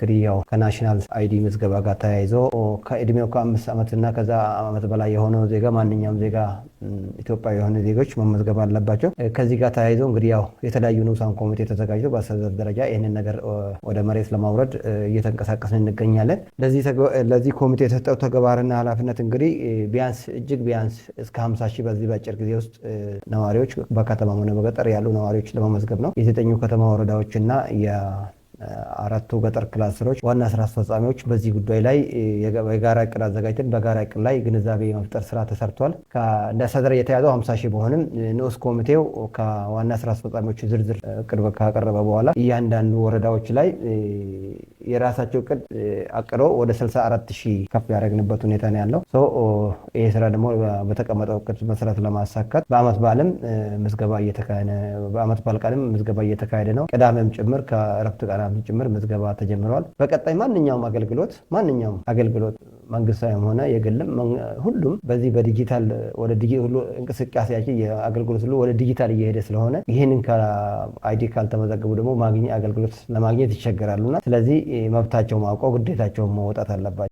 እንግዲህ ያው ከናሽናል አይዲ ምዝገባ ጋር ተያይዞ ከእድሜው ከአምስት ዓመትና ከዛ ዓመት በላይ የሆነው ዜጋ ማንኛውም ዜጋ ኢትዮጵያዊ የሆነ ዜጎች መመዝገብ አለባቸው። ከዚህ ጋር ተያይዞ እንግዲህ ያው የተለያዩ ንዑሳን ኮሚቴ ተዘጋጅቶ በአስተዳደር ደረጃ ይህንን ነገር ወደ መሬት ለማውረድ እየተንቀሳቀስን እንገኛለን። ለዚህ ኮሚቴ የተሰጠው ተግባርና ኃላፊነት እንግዲህ ቢያንስ እጅግ ቢያንስ እስከ 50 ሺህ በዚህ በአጭር ጊዜ ውስጥ ነዋሪዎች በከተማ ሆነ በገጠር ያሉ ነዋሪዎች ለመመዝገብ ነው። የዘጠኙ ከተማ ወረዳዎችና አራቱ ገጠር ክላስተሮች ዋና ስራ አስፈጻሚዎች በዚህ ጉዳይ ላይ የጋራ እቅድ አዘጋጅተን በጋራ እቅድ ላይ ግንዛቤ የመፍጠር ስራ ተሰርቷል። እንደ አስተዳደር የተያዘው ሀምሳ ሺህ በሆንም ንዑስ ኮሚቴው ከዋና ስራ አስፈጻሚዎቹ ዝርዝር እቅድ ካቀረበ በኋላ እያንዳንዱ ወረዳዎች ላይ የራሳቸው ቅድ አቅዶ ወደ 64 ሺህ ከፍ ያደረግንበት ሁኔታ ነው ያለው። ይህ ስራ ደግሞ በተቀመጠው ቅድ መሰረት ለማሳካት በአመት በዓልም ምዝገባ እየተካሄደ በአመት በዓል ቀንም ምዝገባ እየተካሄደ ነው። ቅዳሜም ጭምር ከእረፍት ቀናም ጭምር ምዝገባ ተጀምረዋል። በቀጣይ ማንኛውም አገልግሎት ማንኛውም አገልግሎት መንግስታዊም ሆነ የግልም ሁሉም በዚህ በዲጂታል ወደ እንቅስቃሴያችን የአገልግሎት ሁሉ ወደ ዲጂታል እየሄደ ስለሆነ ይህንን አይዲ ካልተመዘገቡ ደግሞ አገልግሎት ለማግኘት ይቸገራሉና ስለዚህ መብታቸው ማውቀው ግዴታቸውን መውጣት አለባቸው።